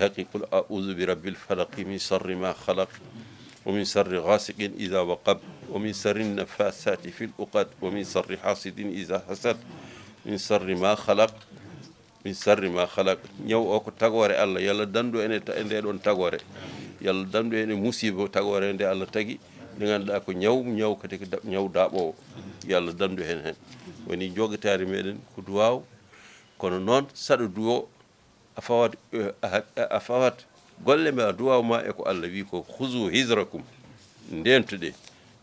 بالحق قل أعوذ برب الفلق من شر ما خلق ومن شر غاسق إذا وقب ومن شر النفاثات في الأقد ومن شر حاسد إذا حسد من شر ما خلق من شر ما خلق نيو أكو تغوري الله يلا دندو إن تندون تغوري يلا دندو إن مصيبة تغوري إن الله تجي dengan da ko nyaw nyaw ko tek nyaw da bo yalla dandu hen hen woni jogataare meden ko duwaw kono non sado duwo a afawat golle ma duwa ma e ko allah wi ko huzu hijrakum ndentuɗe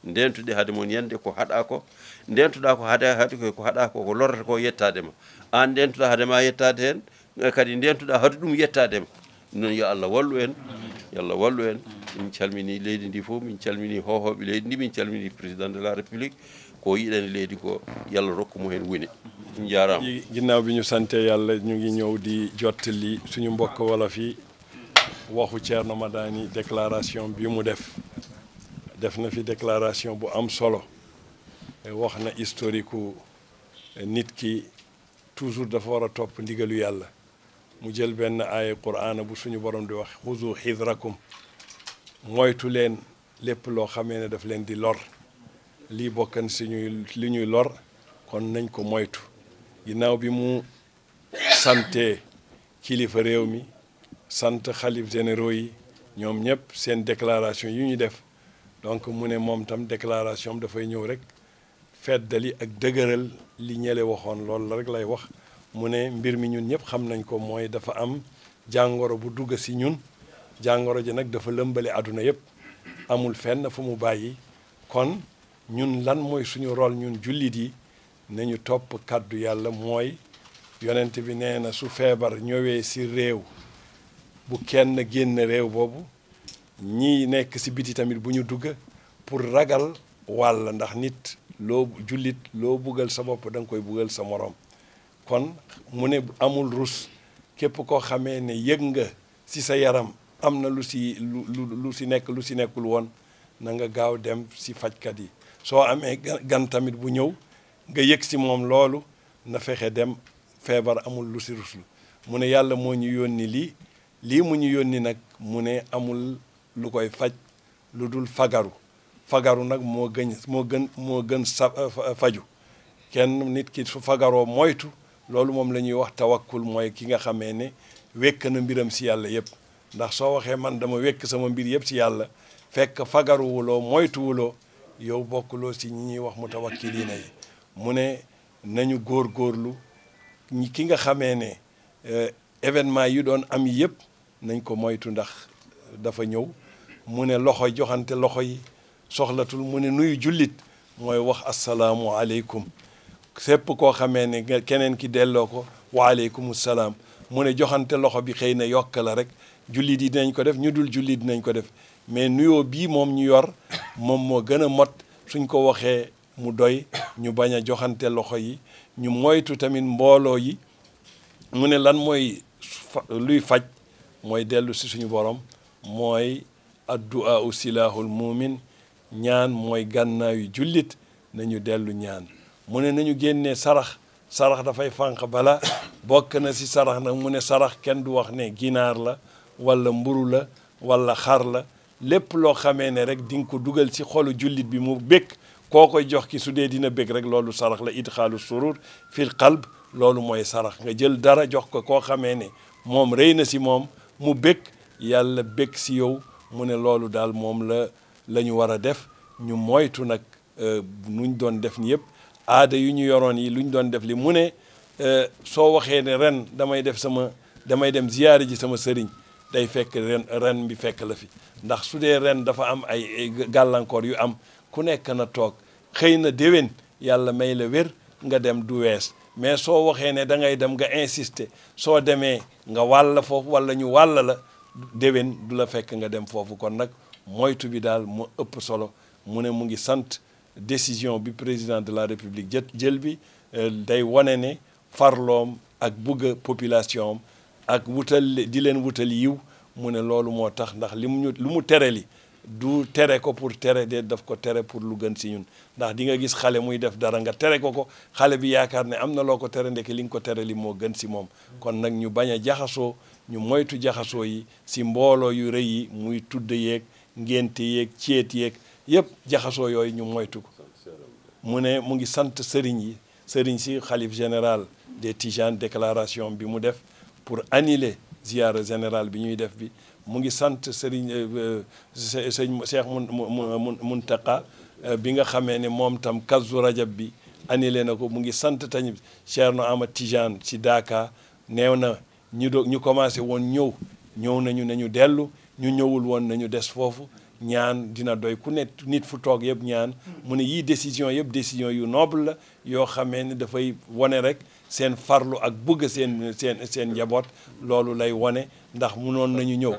ndentuɗe hade mon yande ko hada ko ndentuɗa ko hada hade ko hada ko ko lorrata ko ma an ndentuɗa hade ma yettade hen e kadi ndentuɗa hade ɗum ma non ya allah wallu en ya allah wallu en min calmini leydi ndi fof min calmini hohoɓe leydi ndi min calmini président de la république ko yiɗen leydi ko yalla rokku mo hen woni njaaraam ginnaaw bi ñu sante yàlla ñu ngi ñëw di jot li suñu mbokk wolof yi waxu Thierno Madani déclaration bi mu def def na fi déclaration bu am solo eh, wax na historique eh, nit ki toujours dafa war a topp ndigalu yàlla mu jël benn aaya quraan bu suñu borom di wax xuzu xidrakum moytu leen lépp loo xamee ne daf leen di lor lii bokkan si ñuy li ñuy lor kon nañ ko moytu ginnaaw bi mu sante kilifa réew mi sant xalif généraux yi ñoom ñëpp seen déclaration yi ñu def donc mu ne moom tam déclaration dafay ñëw rek feddali ak dëgëral li ñele waxoon loolu la rek lay wax mu ne mbir mi ñun ñëpp xam nañ ko mooy dafa am jàngoro bu dugg si ñun jàngoro ji nag dafa lëmbale àdduna yëpp amul fenn fu mu bàyyi kon ñun lan mooy suñu rôle ñun jullit yi nañu topp kàddu yàlla mooy yonent bi nee na su feebar ñëwee si réew bu kenn génn réew boobu ñi nekk ci biti tamit bu ñu dugg pour ragal wàll ndax nit loo jullit loo bugal sa bopp da nga koy buggal sa moroom kon mu ne amul rus képp koo xamee ne yëg nga ci sa yaram am na lu ci lu lu ci nekk lu ci nekkul woon na nga gaaw dem ci fajkat yi soo amee gan tamit bu ñëw nga yëg si moom loolu na fexe dem feebar amul lu si ruslu mu ne yàlla moo ñu yónni lii lii mu ñu yónni nag mu ne amul lu koy faj lu dul fagaru fagaru nag moo gën moo gën moo faju kenn nit ki su fagaroo moytu loolu moom la ñuy wax tawakkul mooy ki nga xamee ne wekk na mbiram si yàlla yëpp ndax soo waxee man dama wékk sama mbir yëpp si yàlla fekk fagaruwuloo moytuwuloo yow bokkuloo si ñi ñuy wax mu mutawakkiliina yi mu ne nañu góor góorlu ki nga xamee ne euh, événement yu doon am yëpp nañ ko moytu ndax dafa ñëw mu ne loxo joxante loxo yi soxlatul mu ne nuyu jullit mooy wax asalaamu aleykum sépp koo xamee ne keneen ki delloo ko waaleykum salaam mu ne joxante loxo bi xëy na yokk la rek jullit yi dinañ ko def ñu dul jullit dinañ ko def mais nuyoo bii moom ñu yor moom moo gën a mot suñ ko waxee mu doy ñu bañ a joxante loxo yi ñu moytu tamit mbooloo yi mu ne lan mooy luy faj mooy dellu si suñu borom mooy addu'a u silaahul muumin ñaan mooy gànnaayu jullit nañu dellu ñaan mu ne nañu génne sarax sarax dafay fànq bala bokk na si sarax nag mu ne sarax kenn du wax ne ginaar la walla mburu la wala xar la lépp loo xamee ne rek di nga ko dugal ci xolu jullit bi mu békk koo koy jox ki su dee dina bég rek loolu sarax la idxaalu surur fil qalb loolu mooy sarax nga jël dara jox ko ko xamé ne mom reyna na si moom mu bég yàlla bég si yow mu ne lolou dal mom la lañu wara def ñu moytu nag nuñ doon def ni yëpp aada yu ñu yoron yi luñ doon def li mu ne so waxé ne ren damay def sama damay dem ziyaare ji sama sëriñ day fekk ren ren bi fekk la fi ndax sude ren dafa am ay galankor yu am ku nekk na toog xëy na déwén yàlla may la wér nga dem du mais soo waxee ne da ngay dem insister soo demee nga wàll foofu wala ñu wàll la déwén du la fekk nga dem foofu kon nag moytu bi daal mu ëpp solo mu ne mu ngi décision bi président de la république jë jël bi euh, day vous ne ak population ak wutal di leen wutal yiw mu ne loolu moo ndax li lu mu du tere ko pour tere de daf ko tere pour lu gën si ñun ndax di nga gis xale muy def dara nga tere ko ko xale bi yaakaar ne am na loo ko tere ndeke li nga ko tere li moo gën si moom kon nag ñu bañ a jaxasoo ñu moytu jaxasoo yi si mbooloo yu rëy yi muy tudd yeeg ngénte yeeg ceet yeeg yëpp jaxasoo yooyu ñu moytu ko mu ne mu ngi sant sëriñ yi sëriñ si xalif général des Tijanes déclaration bi mu def pour annuler ziyara général bi ñuy def bi mu ngi sant Serigne euh, euh, Cheikh Mountakha euh, bi nga xamee ne moom tam kazu rajab bi annulé na ko mu ngi sant cheikh no ama tijane ci Daaka neew na ñu doog ñu commencé won ñëw ñëw nañu nañu dellu ñu ñëwul woon nañu des foofu ñaan dina doy ku net nit fu toog yëpp ñaan mu ne yii décision yëpp décision yu noble la yoo xamee ne dafay wone rek seen farlu ak bëgg seen seen seen njaboot loolu lay wane ndax munoon nañu ñëw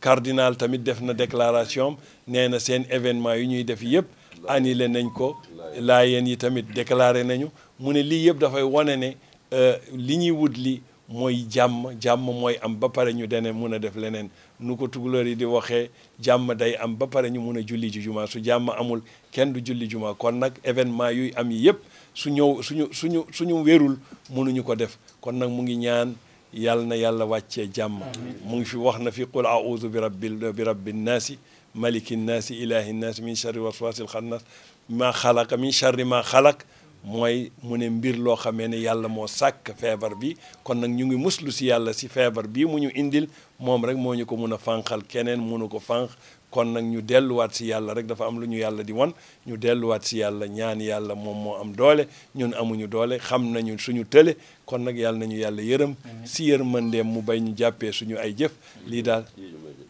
cardinal tamit def na déclaration nee na seen événement yu ñuy def yëpp annulé nañ ko laayeen yi tamit déclaré nañu mu ne lii yëpp dafay wane ne euh, li ñuy wut li mooy jàmm jàmm mooy am ba pare ñu dene mun a def leneen nu ko tugalóor yi di waxee jàmm day am ba pare ñu mun a julli ci juma su jàmm amul kenn du julli jumaa kon nag événement yuy am yi yëpp su ñëw suñu suñu suñu wérul mënuñu ko def kon nag mu ngi ñaan yàlla na yàlla wàccee jàmm mu ngi fi wax na fi qul audu bi rabbi bi rabbi nnaasi maliki nnaasi ilahi nnaasi min charri waswaasi alxannas maa xalaqa min charri maa xalaq mooy mu ne mbir loo xamee ne yàlla moo sàkk feebar bi kon nag ñu ngi muslu si yàlla si feebar bi mu ñu indil moom rek moo ñu ko mun a fànqal keneen munu ko fànq kon nag ñu delluwaat si yàlla rek dafa am lu ñu yàlla di wan ñu delluwaat si yàlla ñaan yàlla moom moo am doole ñun amuñu doole xam nañu suñu tële kon nag yàlla nañu yàlla yërëm si yërmandeem mu bay ñu jàppee suñu ay jëf lii daal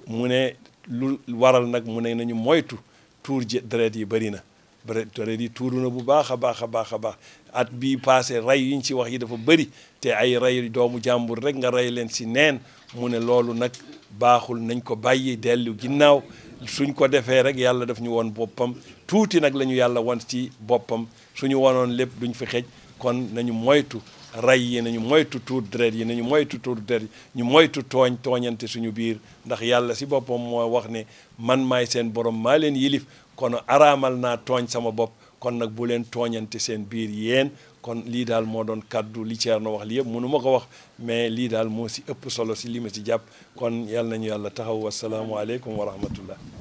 mu ne lu waral nag mu ne nañu moytu tuur deret yi bëri na bëre tere yi na bu baax a baax a baax a baax at bi passé rey yi ñu ci wax yi dafa bëri te ay rey doomu jàmbur rek nga rey leen si neen mu ne loolu nag baaxul nañ ko bàyyi dellu ginnaaw suñ ko defee rek yàlla def ñu woon boppam tuuti nag la ñu yàlla wan ci boppam suñu wanoon lépp duñ fi xej kon nañu moytu ray yi nañu moytu tuur deret yi nañu moytu tuur deret yi ñu moytu tooñ tooñante suñu biir ndax yàlla si boppam moo wax ne man maay seen borom maa leen yilif kon araamal naa tooñ sama bopp kon nag bu leen tooñante seen biir yéen kon lii daal moo doon kàddu li na wax li yëpp mënu ma ko wax mais lii daal moo si ëpp solo si li ma si jàpp kon yàlla nañu yàlla taxaw wasalaamualeykum wa rahmatullah